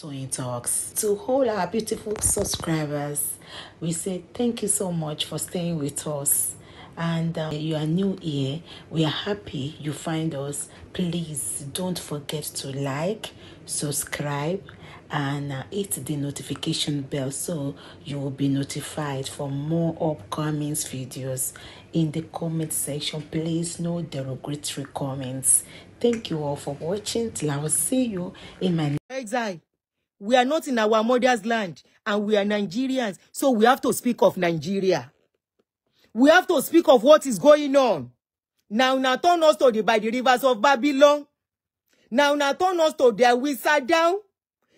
Toyeen Talks. To all our beautiful subscribers, we say thank you so much for staying with us. And uh, you are new here, we are happy you find us. Please don't forget to like, subscribe, and uh, hit the notification bell so you will be notified for more upcoming videos in the comment section please no derogatory comments thank you all for watching till i will see you in my next exile We are not in our mother's land and we are Nigerians. So we have to speak of Nigeria. We have to speak of what is going on. Now, now turn us to the by the rivers of Babylon. Now, now turn us to there we sat down.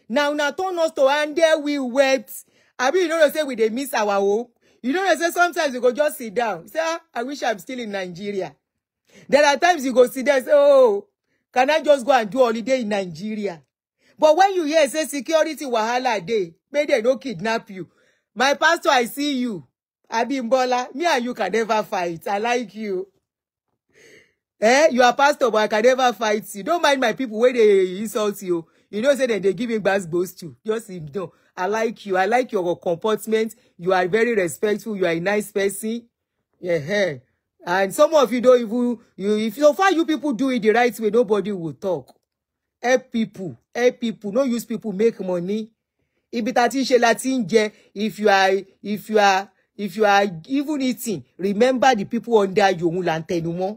Now, now turn us to and there we wept. I mean, you know, I say we they miss our hope. You know, I say sometimes you go just sit down. Say, ah, I wish I'm still in Nigeria. There are times you go sit there and say, oh, can I just go and do holiday in Nigeria? But when you hear say security wahala day, make dem no kidnap you. My pastor, I see you. Abimbola, me and you can never fight. I like you. Eh, you are pastor, but I can never fight you. Don't mind my people when they insult you. You know, say that they give me bad gbos too. Just ignore. I like you. I like your comportment. You are very respectful. You are a nice person. Yeah. And some of you don't even, you, if so far you people do it the right way, nobody will talk help people help people no use people make money ibi tá ti ń ṣe la ti ń jẹ if you are if you are if you are even eating remember the people under you òun là ń tẹnu mọ́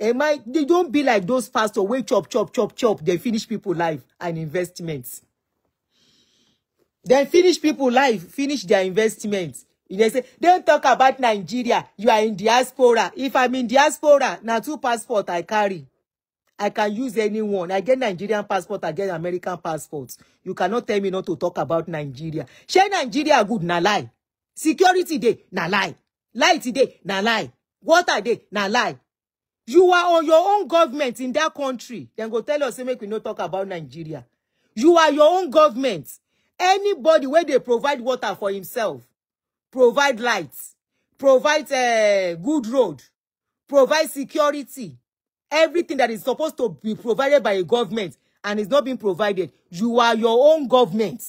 ẹ má they don't be like those pastor. wey chop chop chop chop they finish people life and investments they finish people life finish their investments you dey say don't talk about Nigeria you are in diaspora if I'm in diaspora na two passport I carry I can use anyone. I get Nigerian passport, I get American passport. You cannot tell me not to talk about Nigeria. Share Nigeria good, na lie. Security day, na lie. Light day, na lie. Water day, na lie. You are on your own government in that country. Then go tell us, make we not talk about Nigeria. You are your own government. Anybody where they provide water for himself, provide lights, provide a eh, good road, provide security, everything that is supposed to be provided by a government and is not being provided. You are your own government.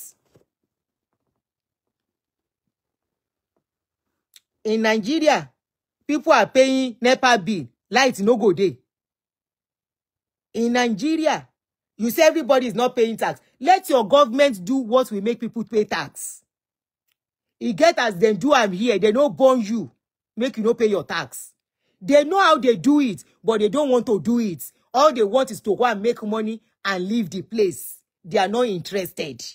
In Nigeria, people are paying NEPA bill. Light no go day. In Nigeria, you say everybody is not paying tax. Let your government do what will make people pay tax. E get as they do I'm here. They no born you. Make you no pay your tax. They know how they do it but they don't want to do it. All they want is to go and make money and leave the place. They are not interested.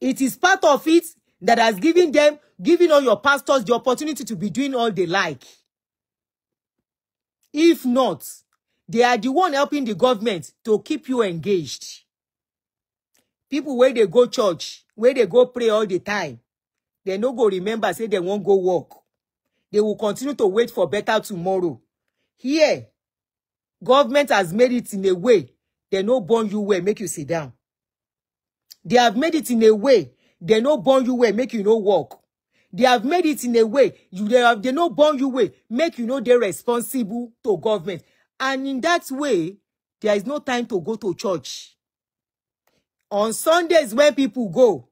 It is part of it that has given them, given all your pastors the opportunity to be doing all they like. If not, they are the one helping the government to keep you engaged. People where they go church, where they go pray all the time, they no go remember, say they won't go work. They will continue to wait for better tomorrow. Here, government has made it in a way they no burn you well, make you sit down. They have made it in a way they no burn you well, make you no walk. They have made it in a way you they have they no burn you well, make you know they're responsible to government. And in that way, there is no time to go to church. On Sundays, when people go,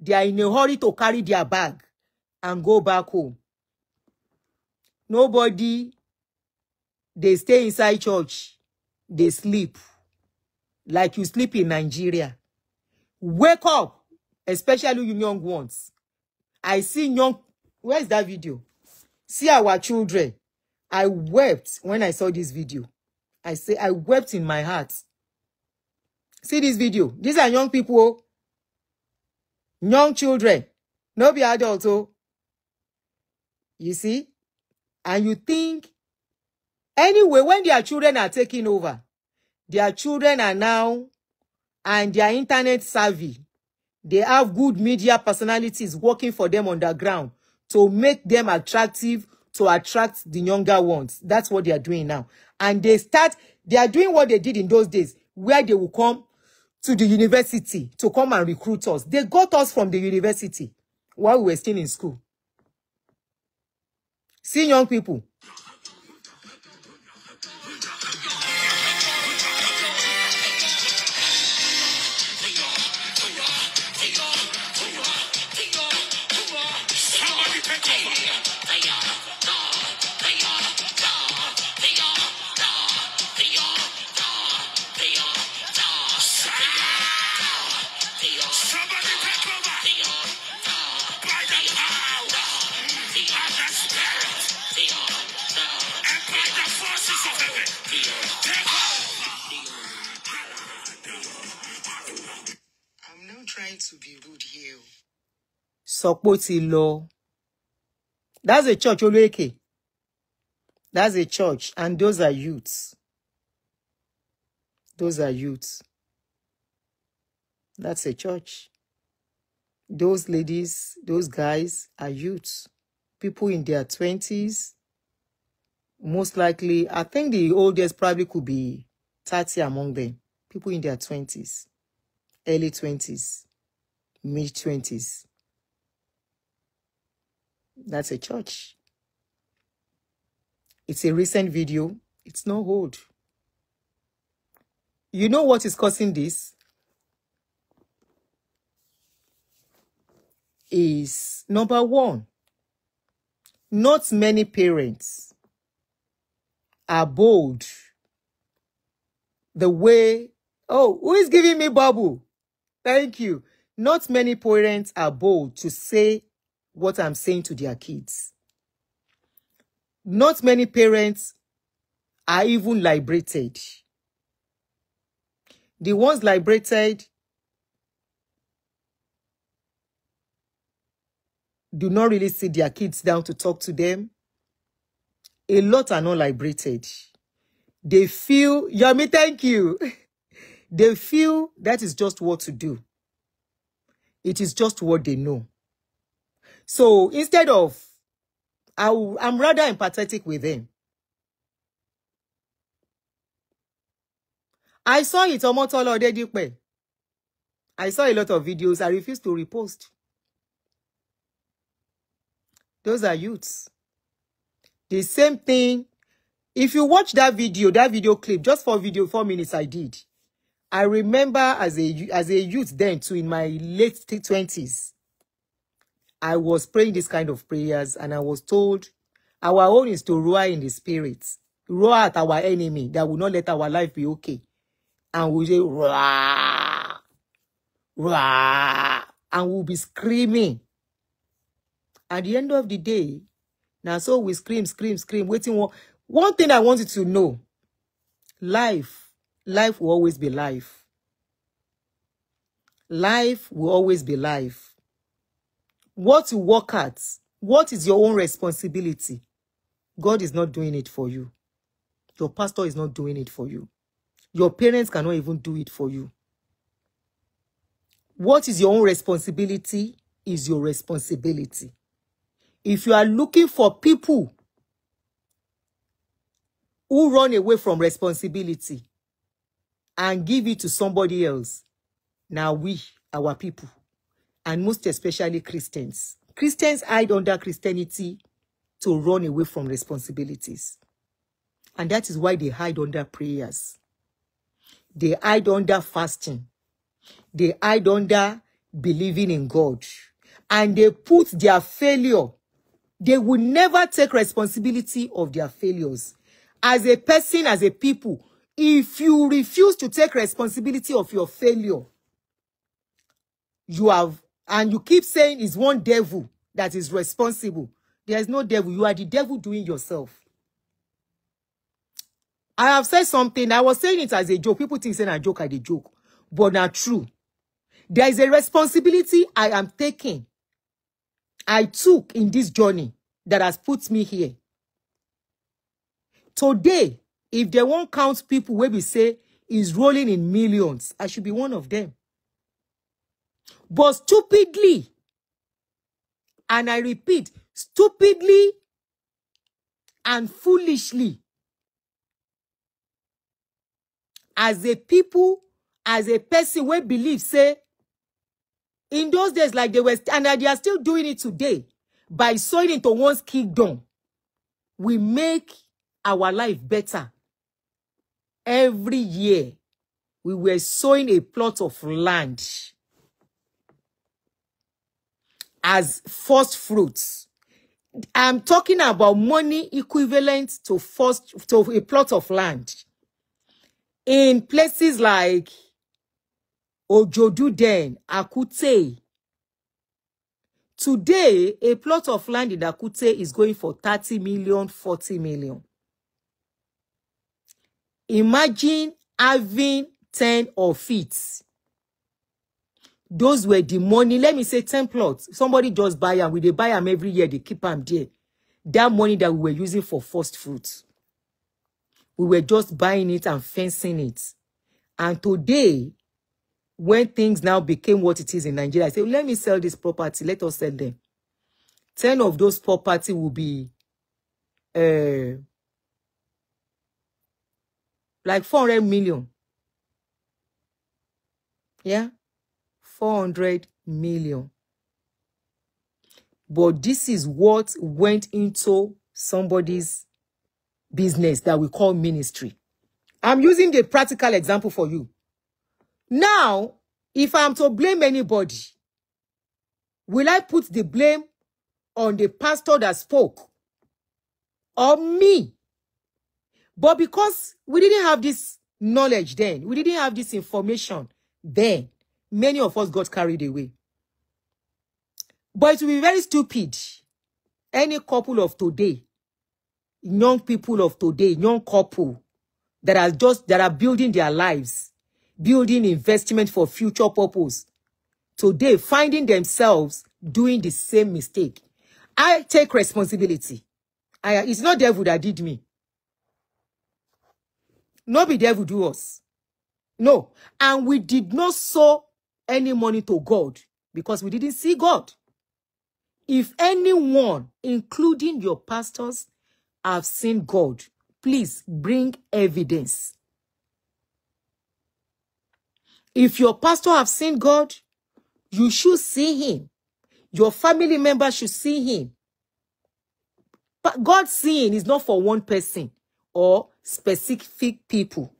they are in a hurry to carry their bag and go back home. Nobody, they stay inside church. They sleep. Like you sleep in Nigeria. Wake up, especially you young ones. I see young, where's that video? See our children. I wept when I saw this video. I say, I wept in my heart. See this video. These are young people. Oh. Young children. No be adults. Oh. You see? And you think, anyway, when their children are taking over, their children are now, and their internet savvy, they have good media personalities working for them on the ground to make them attractive, to attract the younger ones. That's what they are doing now. And they start, they are doing what they did in those days, where they will come to the university to come and recruit us. They got us from the university while we were still in school. See young people, sọ pé ó ti lọ. That's a church, Olueke. That's a church, and those are youths. Those are youths. That's a church. Those ladies, those guys are youths. People in their 20s, most likely, I think the oldest probably could be 30 among them. People in their 20s, early 20s, mid 20s. That's a church. It's a recent video. It's no old. You know what is causing this? Is number one, not many parents are bold the way, oh, who is giving me bubble? Thank you. Not many parents are bold to say what I'm saying to their kids. Not many parents are even liberated. The ones liberated do not really sit their kids down to talk to them. A lot are not liberated. They feel, Yummy, thank you. they feel that is just what to do. It is just what they know. So instead of, I will, I'm rather empathetic with him. I saw it almost Omotolo Dedipe. I saw a lot of videos. I refuse to repost. Those are youths. The same thing. If you watch that video, that video clip, just for video, four minutes I did. I remember as a, as a youth then too, in my late 20s. I was praying this kind of prayers and I was told our own is to roar in the spirit, roar at our enemy that will not let our life be okay. And we say, roar, roar, and we'll be screaming. At the end of the day, now so we scream, scream, scream, waiting. One, one thing I want you to know, life, life will always be life. Life will always be life What you work at, what is your own responsibility? God is not doing it for you. Your pastor is not doing it for you. Your parents cannot even do it for you. What is your own responsibility is your responsibility. If you are looking for people who run away from responsibility and give it to somebody else, now we, our people, and most especially Christians. Christians hide under Christianity to run away from responsibilities. And that is why they hide under prayers. They hide under fasting. They hide under believing in God. And they put their failure. They will never take responsibility of their failures. As a person, as a people, if you refuse to take responsibility of your failure, you have And you keep saying it's one devil that is responsible. There is no devil. You are the devil doing yourself. I have said something. I was saying it as a joke. People think saying a joke as a joke. But not true. There is a responsibility I am taking. I took in this journey that has put me here. Today, if they won't count people where we say is rolling in millions, I should be one of them. but stupidly and I repeat stupidly and foolishly as a people as a person wey believe say in those days like they were and they are still doing it today by sowing into one's kingdom we make our life better every year we were sowing a plot of land as first fruits. I'm talking about money equivalent to first to a plot of land in places like Ojoduden, Akute. Today, a plot of land in Akute is going for 30 million, 40 million. Imagine having 10 of it those were the money let me say 10 plots somebody just buy them. we they buy them every year They keep them there that money that we were using for first fruits, we were just buying it and fencing it and today when things now became what it is in Nigeria, I say, let me sell this property. Let us sell them. 10 of those property will be uh, like 400 million. Yeah. 400 million. But this is what went into somebody's business that we call ministry. I'm using the practical example for you. Now, if I'm to blame anybody, will I put the blame on the pastor that spoke or me? But because we didn't have this knowledge then, we didn't have this information then, many of us got carried away. But it will be very stupid. Any couple of today, young people of today, young couple that are just that are building their lives, building investment for future purpose, today finding themselves doing the same mistake. I take responsibility. I, it's not devil that did me. Nobody be devil do us. No. And we did not sow any money to God because we didn't see God. If anyone, including your pastors, have seen God, please bring evidence. If your pastor have seen God, you should see him. Your family member should see him. But God seeing is not for one person or specific people.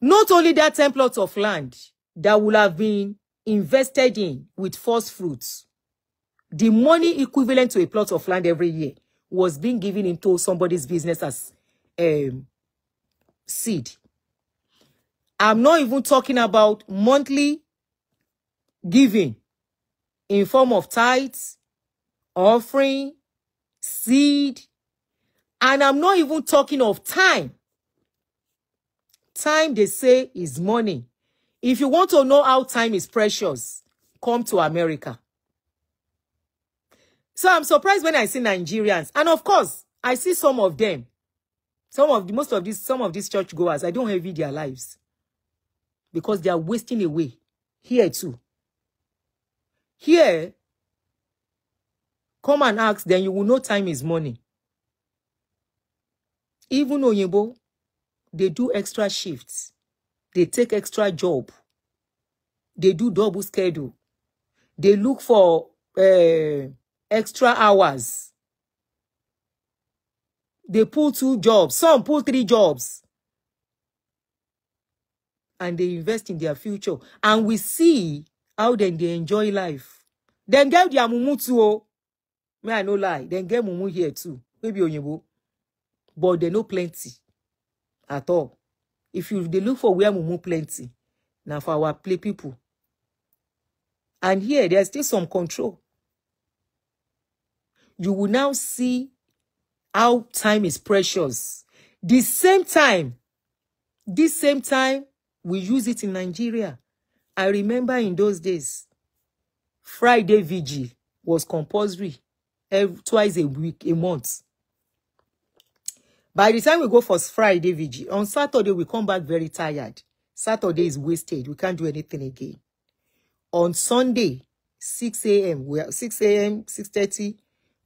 Not only that 10 plots of land that would have been invested in with first fruits, the money equivalent to a plot of land every year was being given into somebody's business as um, seed. I'm not even talking about monthly giving in form of tithes, offering, seed, and I'm not even talking of time Time, they say, is money. If you want to know how time is precious, come to America. So I'm surprised when I see Nigerians. And of course, I see some of them. Some of the, most of these, some of these churchgoers, I don't envy their lives. Because they are wasting away. Here too. Here, come and ask, then you will know time is money. Even Oyinbo, they do extra shifts, they take extra job, they do double schedule, they look for uh, extra hours, they pull two jobs, some pull three jobs, and they invest in their future. And we see how then they enjoy life. Then get their mumu too. Oh. May I no lie. Then get mumu here too. Maybe Oyinbo. But they know plenty at all if you they look for where mumu plenty now for our play people and here there's still some control you will now see how time is precious the same time this same time we use it in Nigeria I remember in those days Friday vigil was compulsory every, twice a week a month By the time we go for Friday VG, on Saturday we come back very tired. Saturday is wasted. We can't do anything again. On Sunday, 6 a.m., we are 6 a.m., 6.30,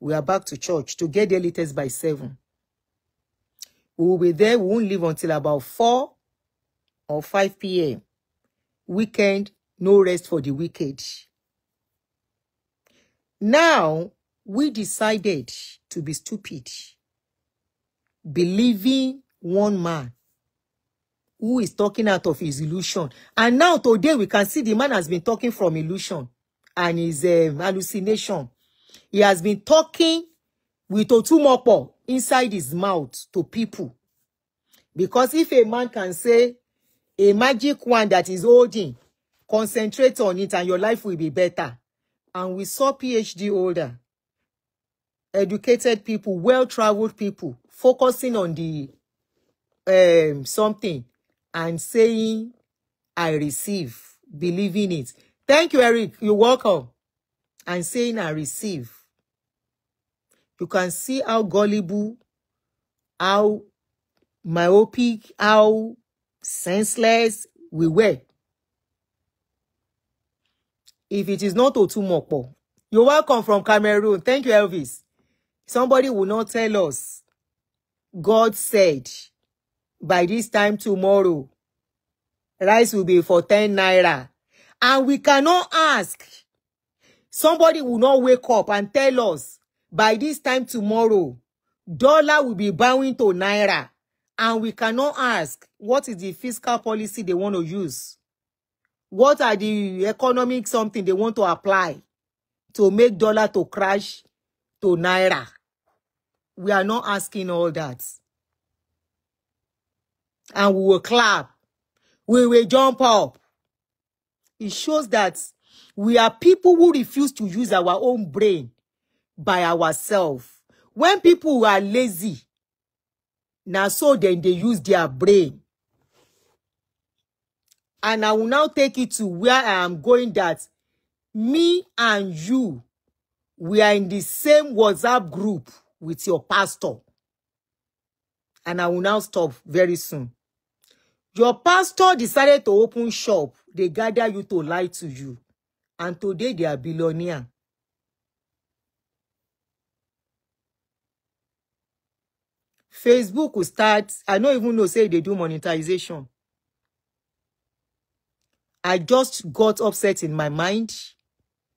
we are back to church to get there latest by 7. We will be there. We won't leave until about 4 or 5 p.m. Weekend, no rest for the wicked. Now, we decided to be stupid believing one man who is talking out of his illusion. And now today we can see the man has been talking from illusion and his um, hallucination. He has been talking with Otumopo inside his mouth to people. Because if a man can say a magic wand that is holding, concentrate on it and your life will be better. And we saw PhD holder educated people, well-traveled people, focusing on the um, something and saying, I receive, believing it. Thank you, Eric. You're welcome. And saying, I receive. You can see how gullible, how myopic, how senseless we were. If it is not Otumopo, you're welcome from Cameroon. Thank you, Elvis. Somebody will not tell us. God said, by this time tomorrow, rice will be for 10 naira. And we cannot ask. Somebody will not wake up and tell us, by this time tomorrow, dollar will be bowing to naira. And we cannot ask, what is the fiscal policy they want to use? What are the economic something they want to apply to make dollar to crash to naira? We are not asking all that. And we will clap. We will jump up. It shows that we are people who refuse to use our own brain by ourselves. When people are lazy, now so then they use their brain. And I will now take it to where I am going that me and you, we are in the same WhatsApp group. with your pastor. And I will now stop very soon. Your pastor decided to open shop. They gather you to lie to you. And today they are billionaire. Facebook will start. I don't even know, say they do monetization. I just got upset in my mind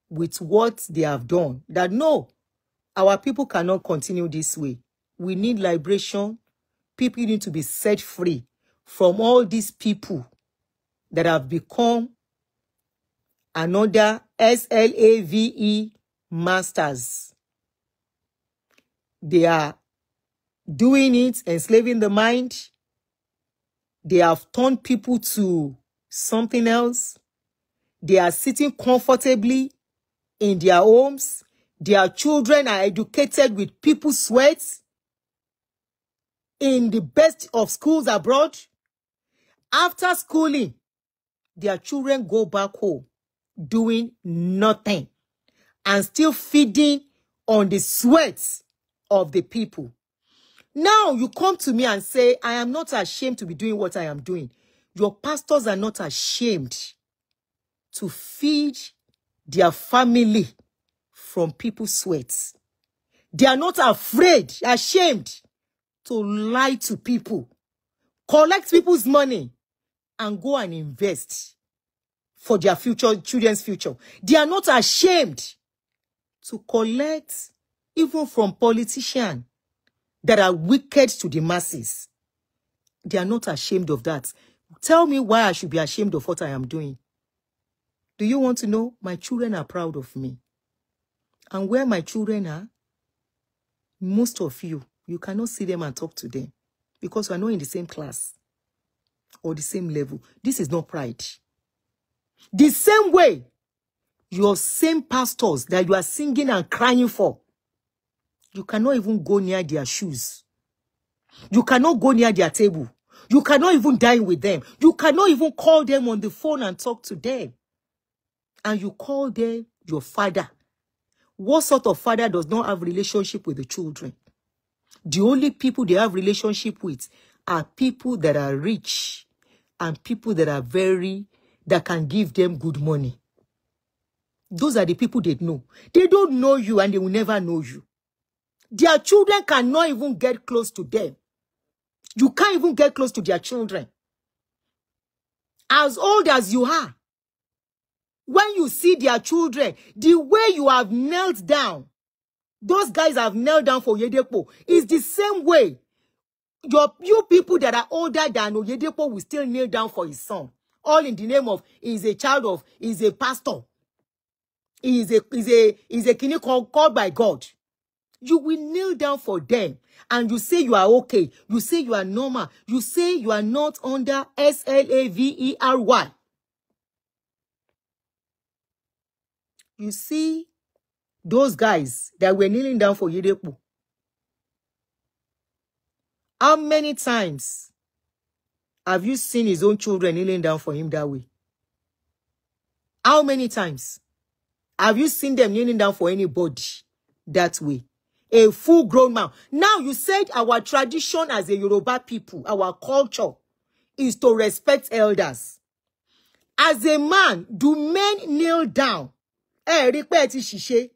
with what they have done. That no, Our people cannot continue this way. We need liberation. People need to be set free from all these people that have become another SLAVE masters. They are doing it, enslaving the mind. They have turned people to something else. They are sitting comfortably in their homes Their children are educated with people's sweat in the best of schools abroad. After schooling, their children go back home doing nothing and still feeding on the sweat of the people. Now you come to me and say, I am not ashamed to be doing what I am doing. Your pastors are not ashamed to feed their family from people's sweats. They are not afraid, ashamed to lie to people, collect people's money, and go and invest for their future, children's future. They are not ashamed to collect even from politicians that are wicked to the masses. They are not ashamed of that. Tell me why I should be ashamed of what I am doing. Do you want to know? My children are proud of me. And where my children are, most of you, you cannot see them and talk to them because you are not in the same class or the same level. This is not pride. The same way your same pastors that you are singing and crying for, you cannot even go near their shoes. You cannot go near their table. You cannot even dine with them. You cannot even call them on the phone and talk to them. And you call them your father what sort of father does not have relationship with the children? The only people they have relationship with are people that are rich and people that are very, that can give them good money. Those are the people they know. They don't know you and they will never know you. Their children cannot even get close to them. You can't even get close to their children. As old as you are, when you see their children, the way you have knelt down, those guys have knelt down for Yedepo. is the same way your you people that are older than Oyedepo will still kneel down for his son. All in the name of is a child of is a pastor. is a is a is a king called, called by God. You will kneel down for them and you say you are okay. You say you are normal. You say you are not under S L A V E R Y. you see those guys that were kneeling down for Yedepo. How many times have you seen his own children kneeling down for him that way? How many times have you seen them kneeling down for anybody that way? A full-grown man. Now you said our tradition as a Yoruba people, our culture, is to respect elders. As a man, do men kneel down ẹ rí pé ẹ ti ṣìṣe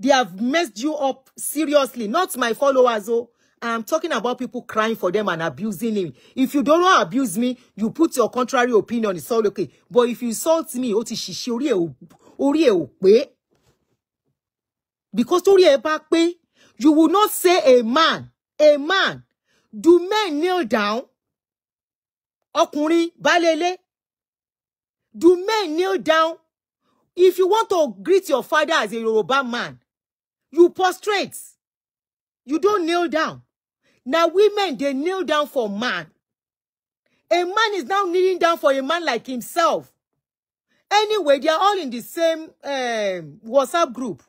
they have messed you up seriously not my followers o oh. I'm talking about people crying for them and abusing him if you don't know abuse me you put your contrary opinion it's all okay but if you insult me ó ti ṣìṣe orí ẹ orí ẹ ò pé because torí ẹ bá pé you will not say a man a man do men kneel down ọkùnrin balẹ̀lẹ̀ do men kneel down If you want to greet your father as a Yoruba man, you prostrate. You don't kneel down. Now women, they kneel down for man. A man is now kneeling down for a man like himself. Anyway, they are all in the same um, WhatsApp group.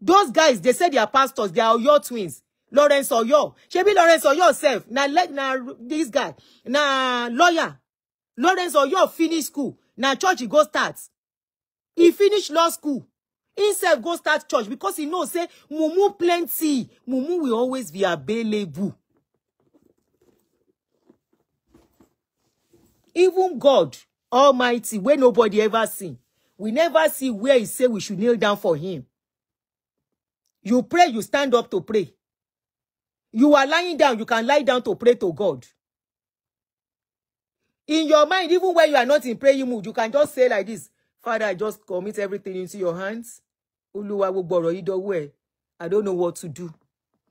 Those guys, they say they are pastors. They are your twins. Lawrence Oyo. Shebi Lawrence Oyo self. Now, let now this guy. Now, lawyer. Lawrence Oyo finish school. Now, church he go start. He finish law school himself go start church because he know say mumu plenty mumu will always be available even god almighty where nobody ever seen, we never see where he say we should kneel down for him you pray you stand up to pray you are lying down you can lie down to pray to god in your mind even when you are not in prayer mood you can just say like this Father, I just commit everything into your hands. Olúwa gbogbo ọ̀rọ̀ yìí dọwọ́ ẹ̀. I don't know what to do.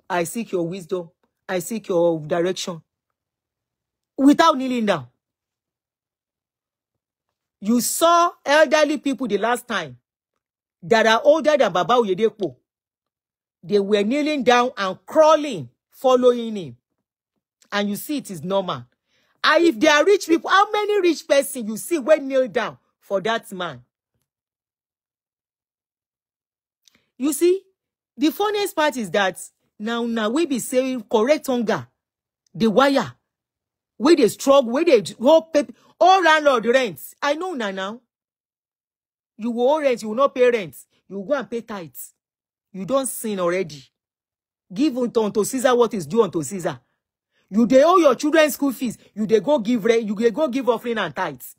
I seek your wisdom. I seek your direction. Without kneeling down. You saw elderly people the last time that are older than Baba Oyedepo. They were kneeling down and crawling, following him. And you see it is normal. And if they are rich people, how many rich person you see when kneel down? for that man. You see, the funniest part is that now now we be saying correct hunger, the wire, where they struggle, where they whole paper, all landlord rent. I know now now. You will rent, you will not pay rent. You go and pay tithes. You don't sin already. Give unto, unto Caesar what is due unto Caesar. You they owe your children school fees. You they go give rent, you they go give offering and tithes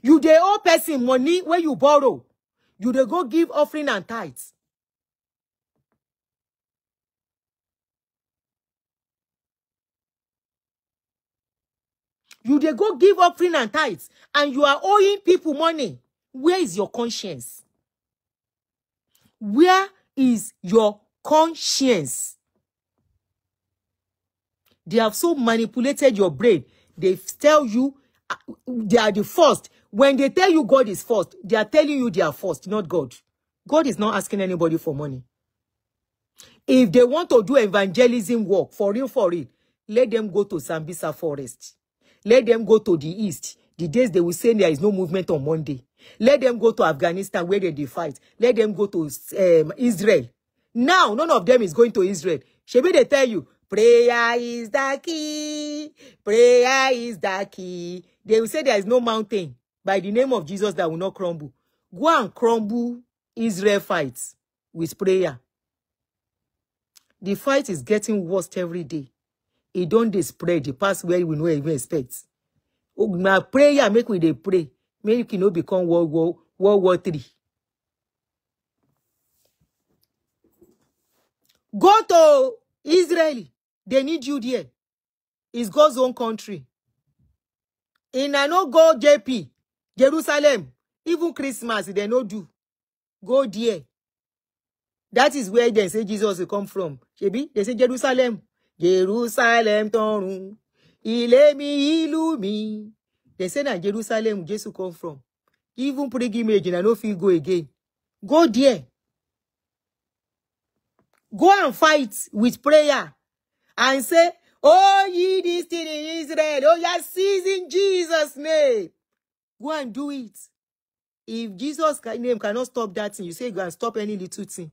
you dey owe person money wey you borrow you dey go give offering and tithes you dey go give offering and tithes and you are owing people money where is your conscience where is your conscience they have so manipulated your brain they tell you uh, they are the first When they tell you God is first, they are telling you they are first, not God. God is not asking anybody for money. If they want to do evangelism work, for real, for real, let them go to Sambisa forest. Let them go to the east. The days they will say there is no movement on Monday. Let them go to Afghanistan where they fight. Let them go to um, Israel. Now, none of them is going to Israel. Shebi, they tell you, prayer is the key. Prayer is the key. They will say there is no mountain by the name of Jesus that will not crumble. Go and crumble Israel fights with prayer. The fight is getting worse every day. It e don't they spread. The past where we know even expect. Oh, my prayer make we dey pray. Make it e no become World War World War Three. Go to Israel. They need you there. It's God's own country. And I no go JP. Jerusalem, even Christmas, they no do. Go there. That is where they say Jesus will come from. Shebi, they say Jerusalem. Jerusalem tọ̀run. Ilé mi ìlú mi. They say na Jerusalem Jesus come from. Even pilgrimage na no fit go again. Go there. Go and fight with prayer and say, Oh, ye this thing in Israel, oh, you are seizing Jesus' name. Go and do it. If Jesus' name cannot stop that thing, you say you and stop any little thing.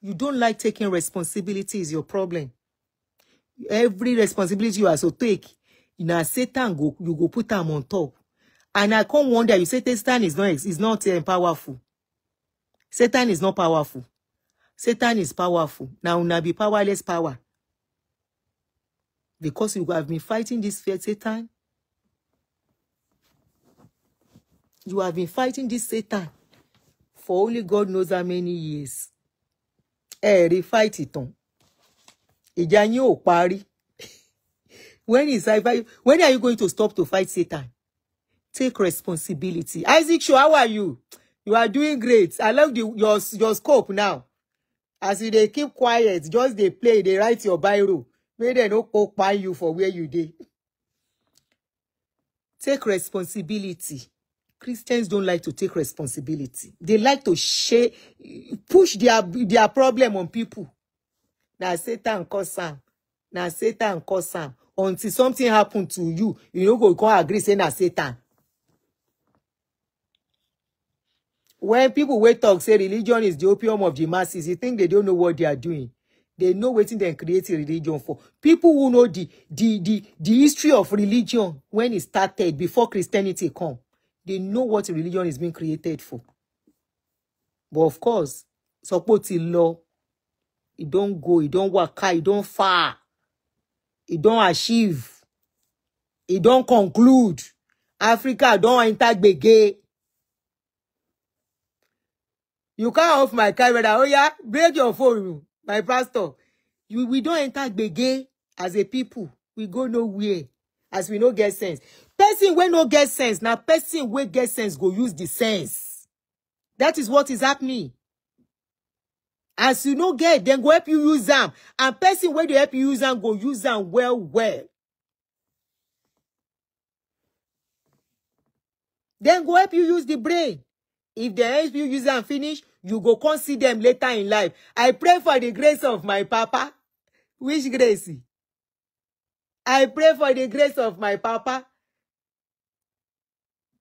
You don't like taking responsibility is your problem. Every responsibility you are so take, you know, Satan go you go put them on top. And I can't wonder you say Satan is not is not uh, powerful. Satan is not powerful. Satan is powerful. Now, now be powerless power because you have been fighting this fear Satan. You have been fighting this Satan for only God knows how many years. Ẹ rí fight ìtàn. Ìjà yín ò parí. When is I when are you going to stop to fight Satan? Take responsibility. Isaac Show, how are you? You are doing great. I love the, your, your scope now. As you dey keep quiet, just they play, they write your biro. May they not occupy you for where you dey take responsibility Christians don't like to take responsibility. They like to share, push their their problem on people. Now Satan cause am. Now Satan cause am. Until something happen to you, you no go come agree say na Satan. When people wait talk say religion is the opium of the masses, you think they don't know what they are doing they know wetin dem create religion for people who know the the the the history of religion when e started before christianity come they know what religion is being created for but of course sọpọ ti lọ e don go e don waka e don far e don achieve e don conclude africa don enter gbege you can off my camera oya break your phone my pastor we we don enter gbege as a people we go nowhere as we no get sense person wey no get sense na person wey get sense go use the sense that is what is happening as you no get dem go help you use am and person wey dey help you use am go use am well well dem go help you use the brain If the help you use and finish, you go come see them later in life. I pray for the grace of my papa. Which grace? I pray for the grace of my papa.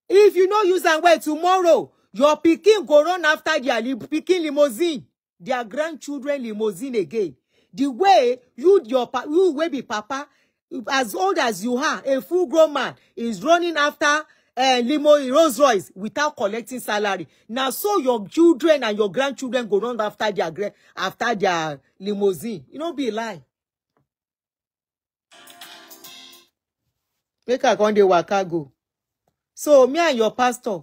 If you no use and wear tomorrow, your picking go run after their li pikin limousine, their grandchildren limousine again. The way you your you will be papa, as old as you are, a full grown man is running after uh, eh, limo Rolls Royce without collecting salary. Now, so your children and your grandchildren go run after their after their limousine. You know, be lie. Make I come dey waka go. So me and your pastor,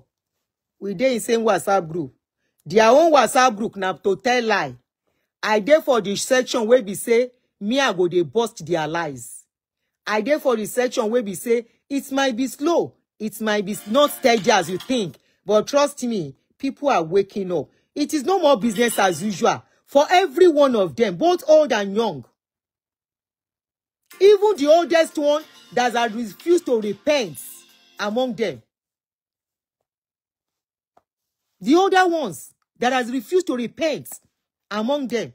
we dey in same WhatsApp group. Their own WhatsApp group na to tell lie. I dey for the section where be say me I go dey bust their lies. I dey for the section where be say it might be slow It might be not steady as you think, but trust me, people are waking up. It is no more business as usual for every one of them, both old and young. Even the oldest one that has refused to repent among them. The older ones that has refused to repent among them.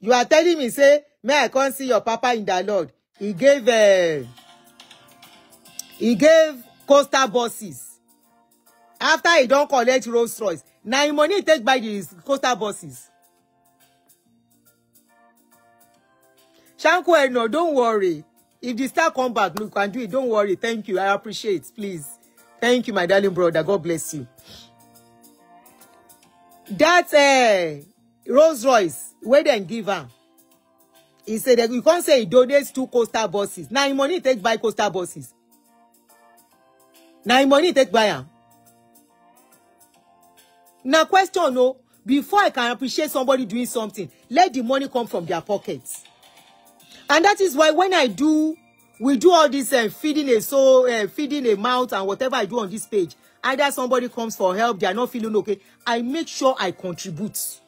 You are telling me, say, may I come see your papa in the Lord. He gave, uh, he gave coastal buses after e don collect Rolls Royce na im money take buy the coastal buses. Shanko Eno don't worry if the star come back you can do it don't worry thank you I appreciate please thank you my darling brother God bless you. That uh, Rolls Royce wey dem give am e say dem you come say e donate two coastal buses na im money take buy coastal buses na im money take buy am na question o before i can appreciate somebody doing something let the money come from their pockets and that is why when i do we do all this uh, feeding a soul uh, feeding a mouth and whatever i do on this page either somebody comes for help they are not feeling okay i make sure i contribute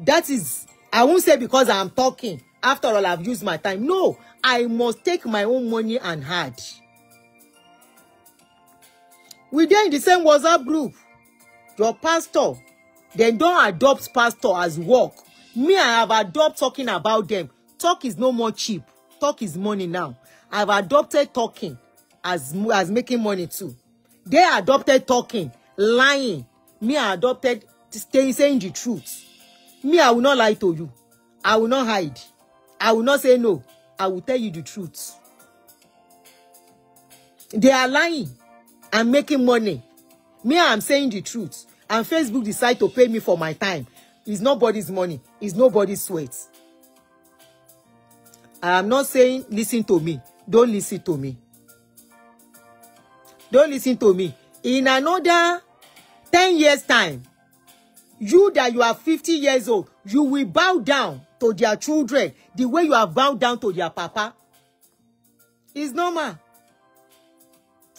that is i won't say because I am talking after all i've used my time no i must take my own money and hard we dey in the same WhatsApp group your pastor dem don adopt pastor as work me i have adopt talking about dem talk is no more cheap talk is money now i have adopted talking as as making money too they adopted talking lying me i adopted staying saying the truth me i will not lie to you i will not hide i will not say no i will tell you the truth they are lying I'm making money. Me, I'm saying the truth. And Facebook decide to pay me for my time. It's nobody's money. It's nobody's sweat. I'm not saying listen to me. Don't listen to me. Don't listen to me. In another ten years time, you that you are fifty years old, you will bow down to their children the way you have bow down to their papa. It's normal.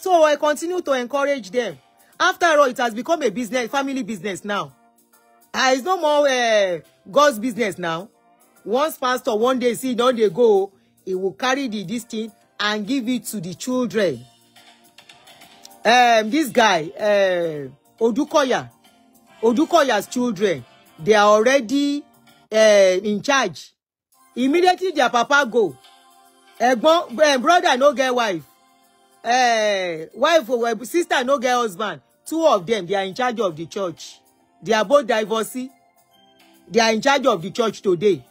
So I continue to encourage them. After all, it has become a business, family business now. Uh, it's no more uh, God's business now. Once pastor, one day see, don't they go, he will carry the, this thing and give it to the children. Um, this guy, uh, Odukoya, Odukoya's children, they are already uh, in charge. Immediately their papa go. Uh, brother no get wife uh, wife or eh, sister no get husband two of them they are in charge of the church they are both divorcee they are in charge of the church today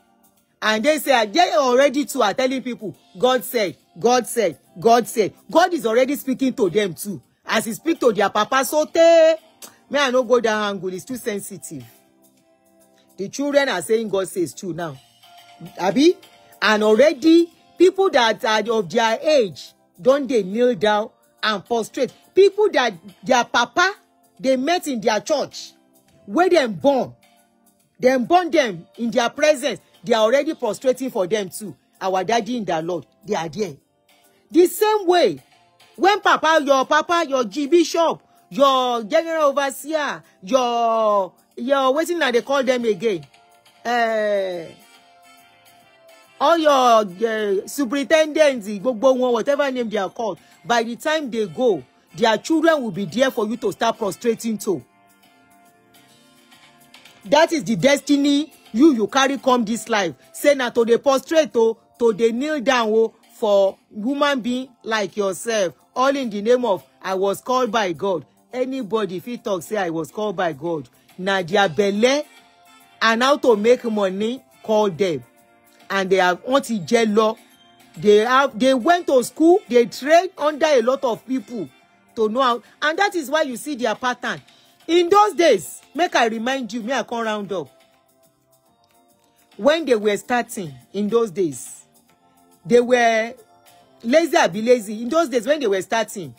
and they say they already too are telling people god said god said god said god is already speaking to them too as he speak to their papa so tey may i no go that angle it's too sensitive the children are saying god says too now Abby, and already people that are of their age don dey kneel down and prostrate people that their papa dey met in their church wey dem born dem born dem in their presence they already prostrating for them too our daddy in the lord they are there the same way when papa your papa your g bishop your general overseer your your wetin na dey call them again. Uh, all your uh, superintendents gbogbo wọn whatever name they are called by the time they go their children will be there for you to start prostrating to that is the destiny you you carry come this life say na to dey prostrate o to dey kneel down o for human being like yourself all in the name of i was called by god anybody fit talk say i was called by god na their belle and how to make money call them and they have wọ́n ti jẹ lọ they have they went to school they trained under a lot of people to know how and that is why you see their pattern in those days make i remind you make i come round up when they were starting in those days they were lazy abi lazy in those days when they were starting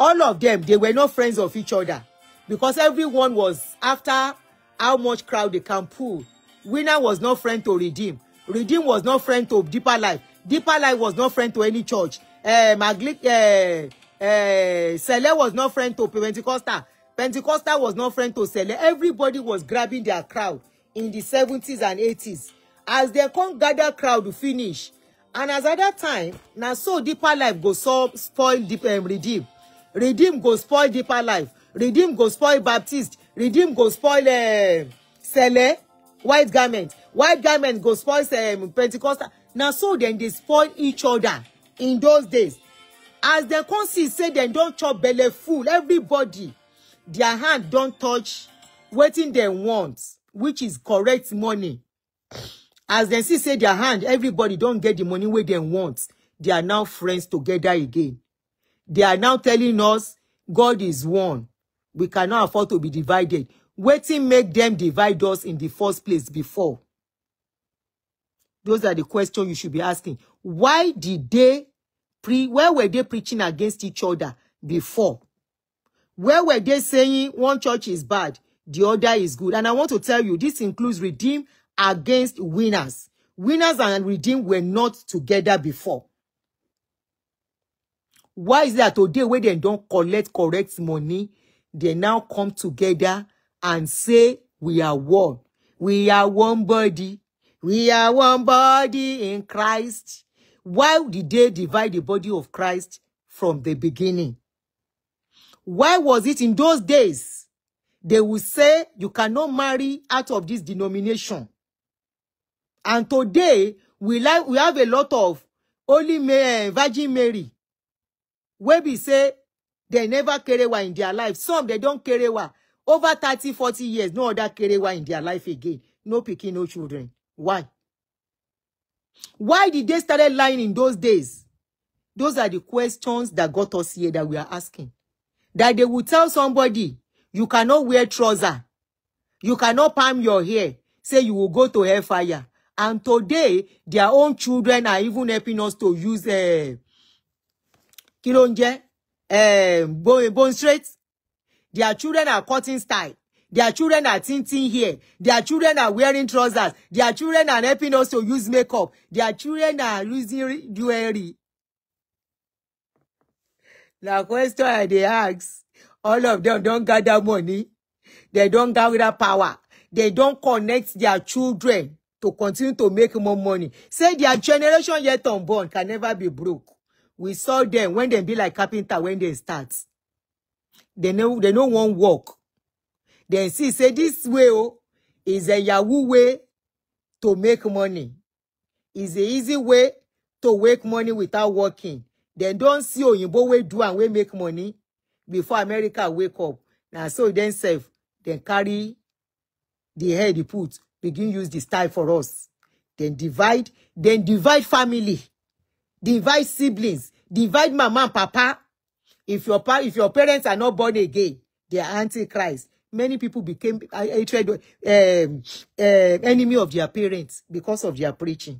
all of them they were not friends of each other because everyone was after how much crowd they can pull winner was not friend to redeem redeem was not friend to deeper life deeper life was not friend to any church uh, magli uh, uh, sele was not friend to pentecostal pentecostal was not friend to sele everybody was grabbing their crowd in the 70s and 80s as dem come gather crowd finish and as at that time na so deeper life go spoil deep um, redeem redeem go spoil deeper life redeem go spoil baptist redeem go spoil uh, sele white garment white garment go spoil um, pentecostal na so dem dey spoil each other in those days as dem come see say dem don chop belle full everybody their hand don touch wetin dem want which is correct money as dem see say their hand everybody don get the money wey dem want they are now friends together again they are now telling us god is one we cannot afford to be divided Waiting make them divide us in the first place before? Those are the questions you should be asking. Why did they pre where were they preaching against each other before? Where were they saying one church is bad, the other is good? And I want to tell you, this includes redeem against winners. Winners and redeemed were not together before. Why is that today when they don't collect correct money, they now come together and say, We are one. We are one body. We are one body in Christ. Why did they divide the body of Christ from the beginning? Why was it in those days they will say you cannot marry out of this denomination? And today we like we have a lot of Holy Mary, eh, Virgin Mary, where we say they never carry one in their life. Some they don't carry one over thirty forty years no other kerewa in their life again no pikin no children why why did they started lying in those days those are the questions that got us here that we are asking that they will tell somebody you cannot wear trouser you cannot palm your hair say you will go to fire." and today their own children are even helping us to use uh, kí ló ń eh, bone straight Their children are cutting style. Their children are tinting hair. Their children are wearing trousers. Their children are helping us to use makeup. Their children are using jewelry. The question I dey ask, all of them don gather money. They don gather power. They don connect their children to continue to make more money. Say their generation yet unborn can never be broke. We saw them when they be like carpenter when they start they no they no wan work Then see say this way oh, is a yahoo way to make money is a easy way to make money without working Then don't see oh, you both way do and wey make money before america wake up Now so then sef then carry the head e put begin use the style for us Then divide then divide family divide siblings divide mama and papa If your, if your parents are not born again, they are antichrist. Many people became uh, hatred, um, uh, enemy of their parents because of their preaching.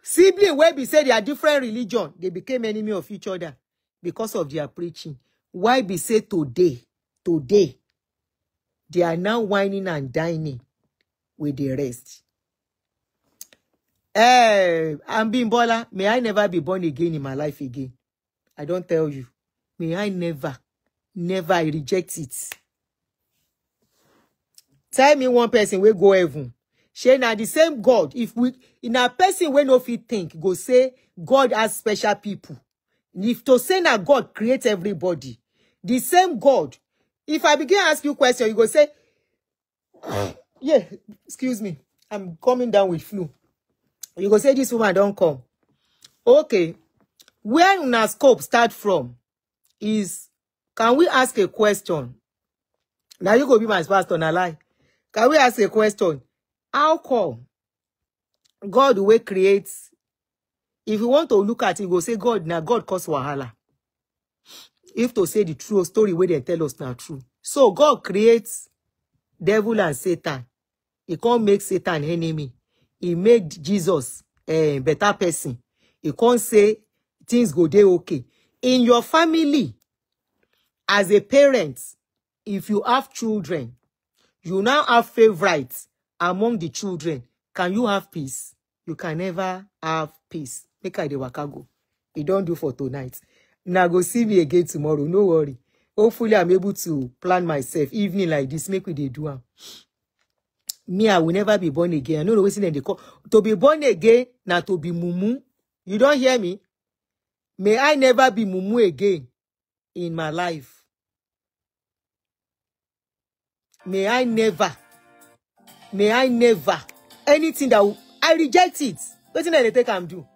Sibling where we say they are different religion, they became enemy of each other because of their preaching. Why be say today, today, they are now whining and dining with the rest. Eh, hey, I'm being Bola. May I never be born again in my life again. I don't tell you. May I never, never reject it. Tell me one person will go heaven. She na the same God. If we in a person when no fit think, go say God has special people. If to say na God create everybody, the same God. If I begin ask you question, you go say, yeah, excuse me, I'm coming down with flu. You go say this woman don't come. Okay, where una scope start from is can we ask a question Now you go be my pastor na lie can we ask a question how come god wey create if you want to look at it you go say god Now god cause wahala if to say the true story where they tell us now true so god creates devil and satan He come make satan enemy He made jesus a eh, better person He come say things go day okay in your family as a parent if you have children you now have favorites among the children can you have peace you can never have peace make i dey waka go e don't do for tonight una go see me again tomorrow no worry hopefully i'm able to plan myself evening like this make we dey do me i will never be born again i know the dem they call to be born again Now to be mumu you don't hear me May I never be mumu again in my life. May I never. May I never. Anything that I reject it. Wetin I dey take am do?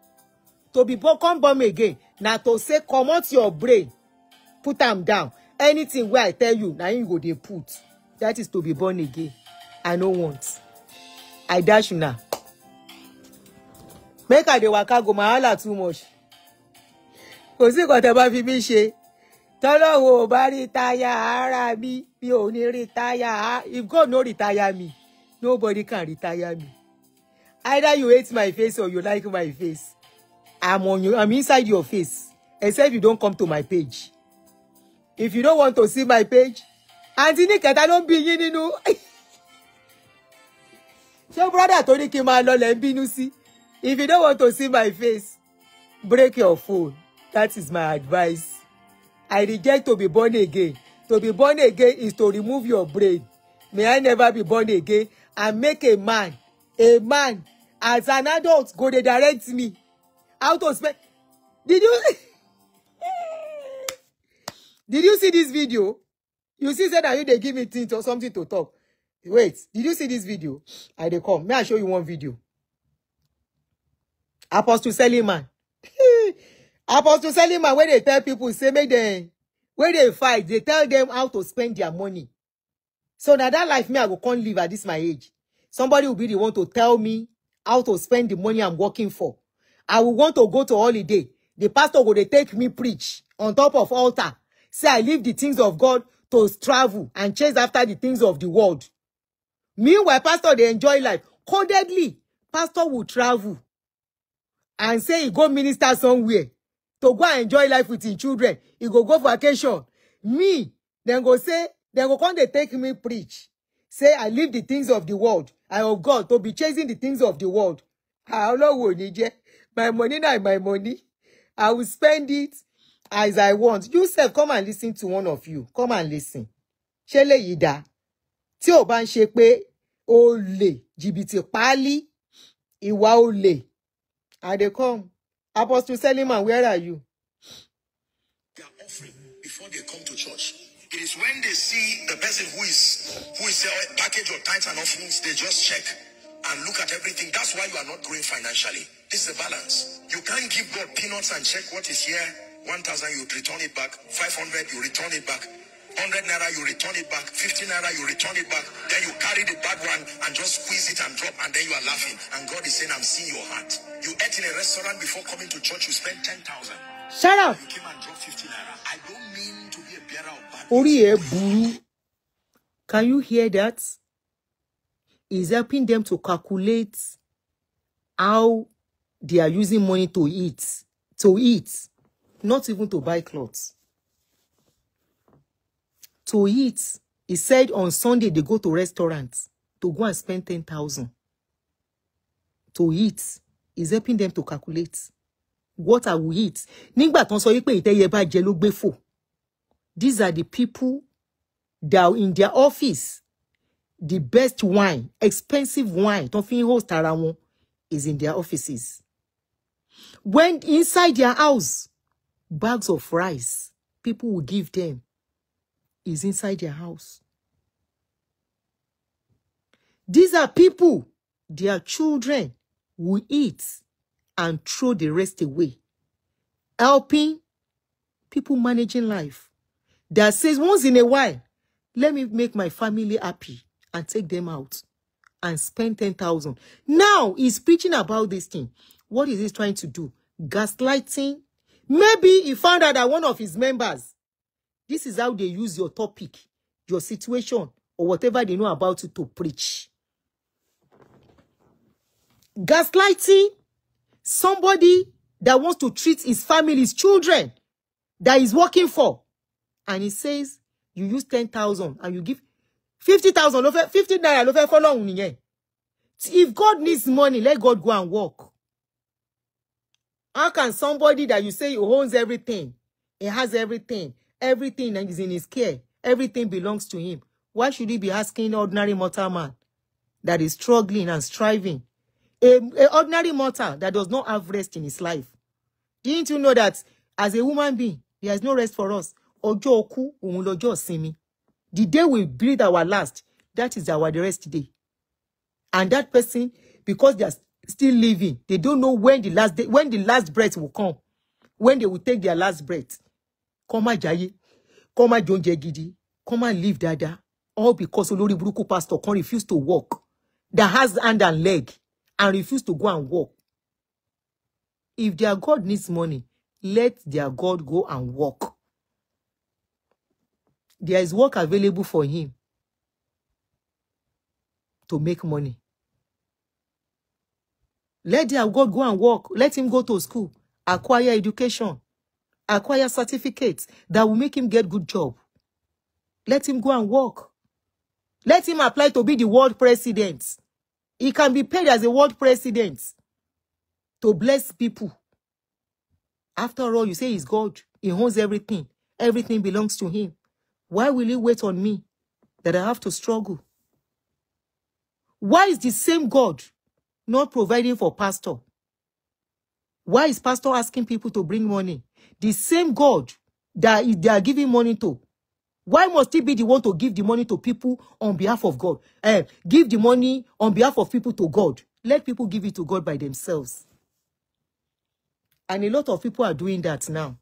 To be born come born again Now to say comot your brain put am down. Anything where I tell you now you go dey put. That is to be born again. I don't want. I dash you now. Make I dey waka go my wahala too much kò sí nǹkan tẹ́ bá fi mí ṣe tọ́lọ́wọ́ ò bá retire ara mi mi ò ní retire if God no retire me nobody can retire me either you hate my face or you like my face I'm on you I'm inside your face except you don't come to my page if you don't want to see my page àǹtí ní kẹta ló ń bí yín nínú ṣé bùrọ́dà tó ní kí n máa lọ lẹ́ ń bínú sí if you don't want to see my face break your phone that is my advice i reject to be born again to be born again is to remove your brain may i never be born again and make a man a man as an adult go dey direct me how to spend did you did you see this video you see say na you dey give me things or something to talk wait did you see this video i dey come may i show you one video apostle seliman apostle selima wey dey tell people, say make dem wey dey fight dey tell dem how to spend their money so na that life me i go come live at this my age somebody will be the one to tell me how to spend the money i'm working for i will want to go to holiday the pastor go dey take me preach on top of altar say i leave the things of god to travel and chase after the things of the world meanwhile pastor dey enjoy life codedly pastor will travel and say he go minister somewhere to go and enjoy life with him children he go go vacation me then go say then go come they take me preach say i leave the things of the world i of oh god to be chasing the things of the world ah, ọlọ́wọ́ will need jẹ́ my money na my money i will spend it as i want you said, come and listen to one of you come and listen ṣé yida. Ti tí ò bá ń ṣe pé olè jìbìtì páálí i dey come Apostle Seliman, where are you? They are offering before they come to church. It is when they see the person who is who is a uh, package of tithes and offerings, they just check and look at everything. That's why you are not growing financially. This is the balance. You can't give God peanuts and check what is here. 1,000, you return it back. 500, you return it back. 100 naira, you return it back. 50 naira, you return it back. Then you carry the bad one and just squeeze it and drop, and then you are laughing. And God is saying, I'm seeing your heart. You ate in a restaurant before coming to church, you spent 10,000. Shut up. You came and dropped 50 naira. I don't mean to be a bearer of bad news. Can you hear that? Is helping them to calculate how they are using money to eat, to eat, not even to buy clothes to eat. He said on Sunday they go to restaurants to go and spend 10,000 to eat. He's helping them to calculate what I will eat. Nígbà tán sọ wípé ìtẹ́yẹ bá jẹ ló gbé These are the people that are in their office. The best wine, expensive wine, tán fi ń host ara is in their offices. When inside their house, bags of rice, people will give them is inside their house. These are people, their children, who eat and throw the rest away. Helping people managing life. That says once in a while, let me make my family happy and take them out and spend 10,000. Now he's preaching about this thing. What is he trying to do? Gaslighting. Maybe he found out that one of his members this is how they use your topic, your situation, or whatever they know about you to preach. Gaslighting somebody that wants to treat his family's children, that he's working for. And he says, you use 10,000 and you give 50,000, 50 naira for long. If God needs money, let God go and work. How can somebody that you say owns everything, he has everything, Everything is in his care. Everything belongs to him. Why should he be asking ordinary mortal man that is struggling and striving? A, a ordinary mortal that does not have rest in his life. Didn't you know that as a human being, he has no rest for us? Ọjọ́ oku, òun lọ́jọ́ ìsinmi. The day we breathe our last, that is our rest day. And that person, because they are still living, they don't know when the last day, when the last breath will come, when they will take their last breath kọ́ má jáyé kọ́ má jóúnjẹ gidi kọ́ má live dáadáa all because olórí burúkú pastor kan refuse to work that has hand and leg and refuse to go and work if their God needs money let their God go and work there is work available for him to make money. Let their God go and work. Let him go to school. Acquire education. acquire certificates that will make him get good job. Let him go and work. Let him apply to be the world president. He can be paid as a world president to bless people. After all, you say he's God. He owns everything. Everything belongs to him. Why will he wait on me that I have to struggle? Why is the same God not providing for pastor why is pastor asking people to bring money? The same God that they are giving money to. Why must he be the one to give the money to people on behalf of God? Uh, give the money on behalf of people to God. Let people give it to God by themselves. And a lot of people are doing that now.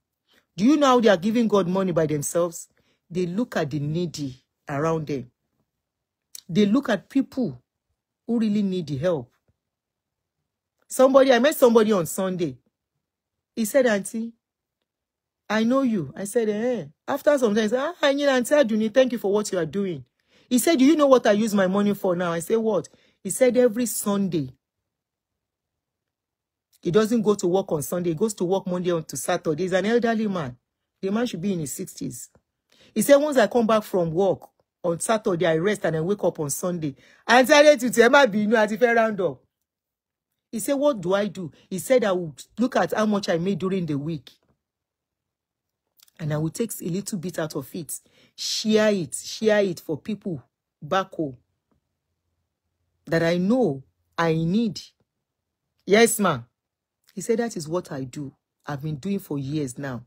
Do you know how they are giving God money by themselves? They look at the needy around them. They look at people who really need the help Somebody, I met somebody on Sunday. He said, Auntie, I know you. I said, eh. After some time, he said, ah, I need Auntie Aduni, thank you for what you are doing. He said, do you know what I use my money for now? I said, what? He said, every Sunday. He doesn't go to work on Sunday. He goes to work Monday on to Saturday. He's an elderly man. The man should be in his 60s. He said, once I come back from work on Saturday, I rest and I wake up on Sunday. Auntie Aduni, ẹ má bínú, a ti fẹ́ round up. He said, What do I do? He said, I would look at how much I made during the week. And I will take a little bit out of it, share it, share it for people back home that I know I need. Yes, ma. He said, That is what I do. I've been doing for years now.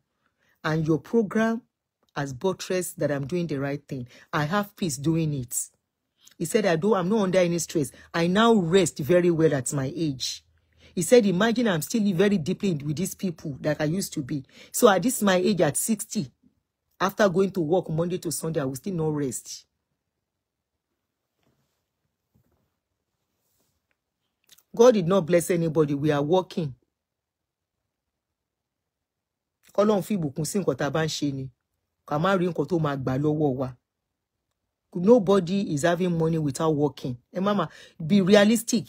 And your program has buttressed that I'm doing the right thing. I have peace doing it. He said, I do, I'm not under any stress. I now rest very well at my age. He said, imagine I'm still very deeply with these people that I used to be. So at this my age, at 60, after going to work Monday to Sunday, I will still not rest. God did not bless anybody. We are working. Ọlọ́run fi ìbùkún sí nǹkan tá a bá ń ṣe ni. Ká má rí nǹkan tó máa gbà lọ́wọ́ wa nobody is having money without working. And eh, mama, be realistic.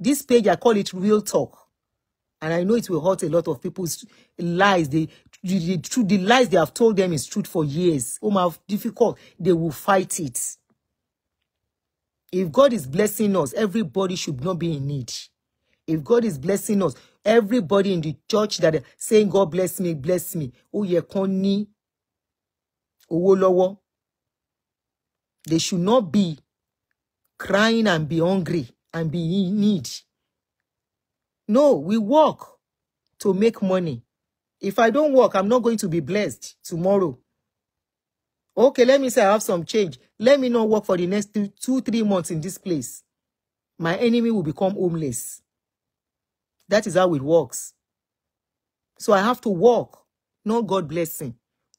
This page, I call it real talk. And I know it will hurt a lot of people's lies. They, the, the, the, lies they have told them is truth for years. Oh my, difficult. They will fight it. If God is blessing us, everybody should not be in need. If God is blessing us, everybody in the church that saying, God bless me, bless me. Ó yẹ kán ní owó They should not be crying and be hungry and be in need. No, we work to make money. If I don't work, I'm not going to be blessed tomorrow. Okay, let me say I have some change. Let me not work for the next two, two three months in this place. My enemy will become homeless. That is how it works. So I have to work, not God blessing.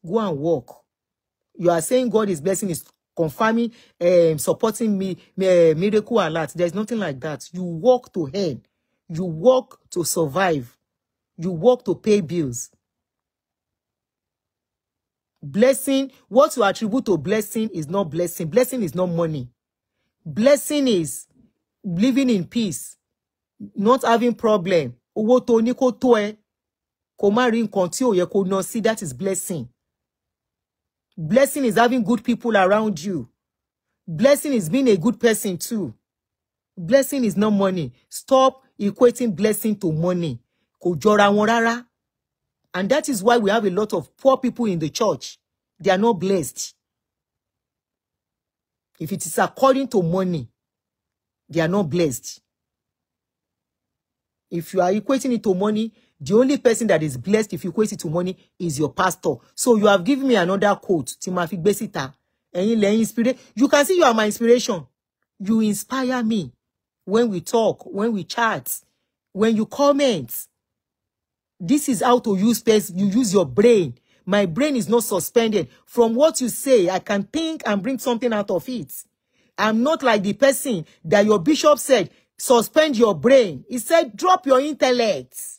Go and work. You are saying God is blessing is confirming, um, supporting me, me, uh, miracle alert. There's nothing like that. You work to earn. You work to survive. You work to pay bills. Blessing, what you attribute to blessing is not blessing. Blessing is not money. Blessing is living in peace, not having problem. Owó tó ní kó tó ẹ, kó má rí nǹkan tí ò yẹ kó ná sí, that is blessing. Blessing is having good people around you. Blessing is being a good person too. Blessing is not money. Stop equating blessing to money. Kò jọra And that is why we have a lot of poor people in the church. They are not blessed. If it is according to money, they are not blessed. If you are equating it to money, The only person that is blessed if you equate it to money is your pastor. So you have given me another quote. Tí Besita. You can see you are my inspiration. You inspire me when we talk, when we chat, when you comment. This is how to use space. You use your brain. My brain is not suspended. From what you say, I can think and bring something out of it. I'm not like the person that your bishop said, suspend your brain. He said, drop your intellect.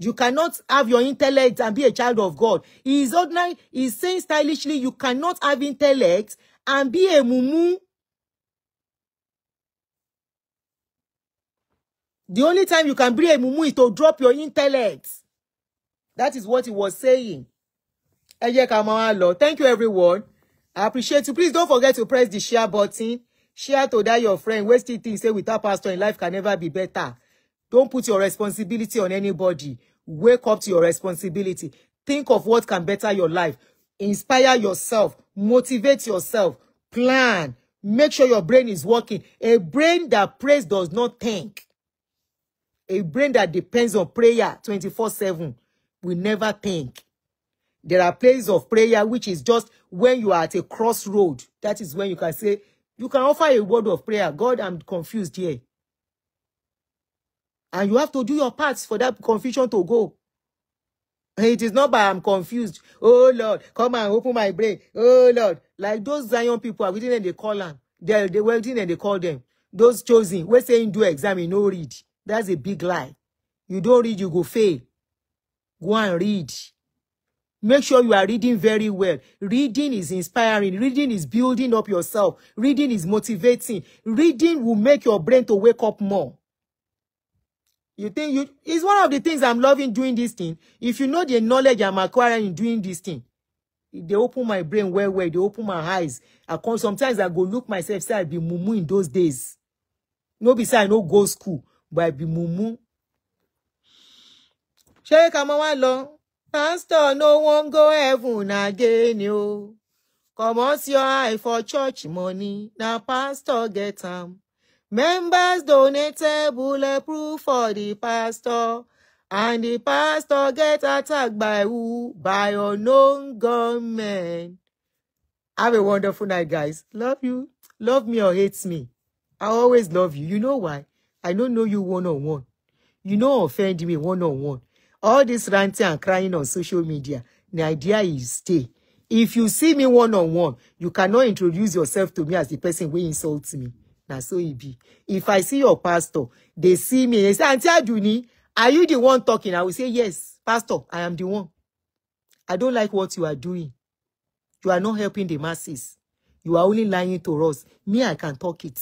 You cannot have your intellect and be a child of God. He is ordinary, he saying stylishly, you cannot have intellect and be a mumu. The only time you can be a mumu is to drop your intellect. That is what he was saying. Thank you, everyone. I appreciate you. Please don't forget to press the share button. Share to that your friend. Wasting things say without pastor in life can never be better. Don't put your responsibility on anybody. Wake up to your responsibility. Think of what can better your life. Inspire yourself. Motivate yourself. Plan. Make sure your brain is working. A brain that prays does not think. A brain that depends on prayer 24-7 will never think. There are places of prayer which is just when you are at a crossroad. That is when you can say, you can offer a word of prayer. God, I'm confused here. And you have to do your parts for that confusion to go. It is not by I'm confused. Oh Lord, come and open my brain. Oh Lord. Like those Zion people are within and they call them. They're they waiting and they call them. Those chosen. We're saying do examine, no read. That's a big lie. You don't read, you go fail. Go and read. Make sure you are reading very well. Reading is inspiring. Reading is building up yourself. Reading is motivating. Reading will make your brain to wake up more. You think you it's one of the things I'm loving doing this thing. If you know the knowledge I'm acquiring in doing this thing, they open my brain well, well, they open my eyes. I come sometimes I go look myself, say I be mumu in those days. No be I no go school, but I be mumu. Ṣé ká máa wá Pastor no wan go heaven again, yo. Oh. Comot your eye for church money. Now pastor get am. Members donate bulletproof for the pastor, and the pastor get attacked by who? By unknown gunmen. Have a wonderful night, guys. Love you. Love me or hate me. I always love you. You know why? I don't know you one-on-one. -on -one. You know offend me one-on-one. -on -one. All this ranting and crying on social media, the idea is stay. If you see me one-on-one, -on -one, you cannot introduce yourself to me as the person who insults me. na so e be if i see your pastor dey see me dey say aunty aduni are you the one talking i will say yes pastor i am the one i don't like what you are doing you are not helping the masses you are only lying to us me i can talk it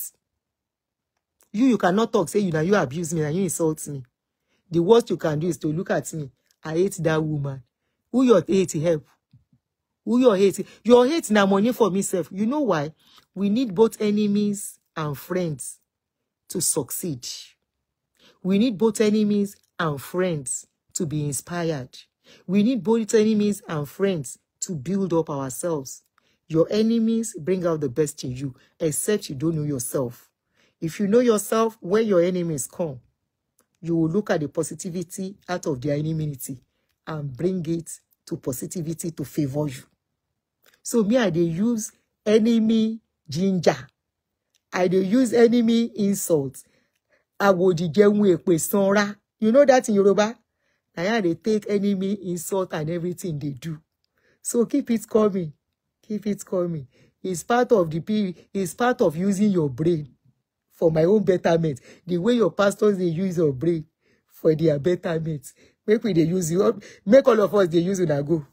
you you cannot talk say you na you abuse me na you insult me the worst you can do is to look at me i hate that woman who your hate help who your hate your hate na money for me sef you know why we need both enemies and friends to succeed. We need both enemies and friends to be inspired. We need both enemies and friends to build up ourselves. Your enemies bring out the best in you, except you don't know yourself. If you know yourself, when your enemies come, you will look at the positivity out of their enmity and bring it to positivity to favor you. So me, I they use enemy ginger I dey use enemy insult. Awòdìjẹun èpè sanra. You know that in Yoruba? Na dey take enemy insult and everything they do. So keep it coming. Keep it coming. It's part of the it's part of using your brain for my own betterment. The way your pastors dey use your brain for their betterment. Make we dey use you. Make all of us dey use una go.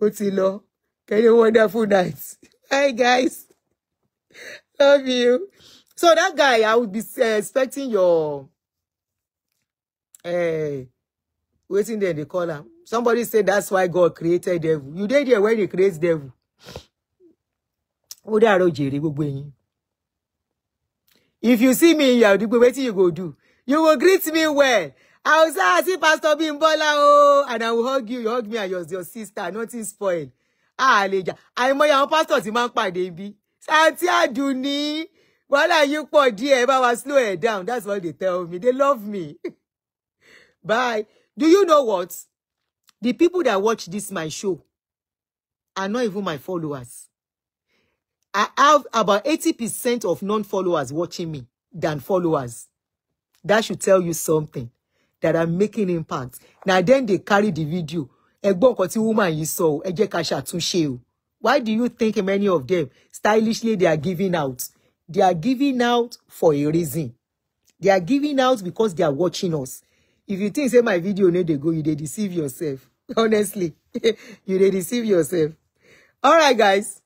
Ó ti lọ. Can you wonderful night? Hi guys. Love you. So that guy, I would be eh, expecting your. Uh, eh, waiting there, they call him. Somebody said that's why God created devil. You did there when he creates devil. Ó dàárọ̀ jèrè gbogbo If you see me in Yaodigbe, wetin you go do? You will greet me well. I will say, I ah, see Pastor Bimbola, oh, and I will hug you. You hug me and your, your sister. Nothing spoiled. Ah, Aleja. my àwọn pastor tí máa ń pàdé àti àdùnní wàhálà yín pọ̀ díẹ̀ bá wa slow ẹ̀ down that's what they tell me they love me bye do you know what the people that watch this my show are not even my followers i have about eighty percent of non-followers watching me than followers that should tell you something that i'm making impact na then they carry the video ẹ̀gbọ́n nǹkan tí woman yìí sọ ẹ jẹ́ ká ṣàtúnṣe o. Why do you think many of them stylishly they are giving out? They are giving out for a reason. They are giving out because they are watching us. If you think say my video no they go, you dey deceive yourself. Honestly, you dey deceive yourself. All right, guys.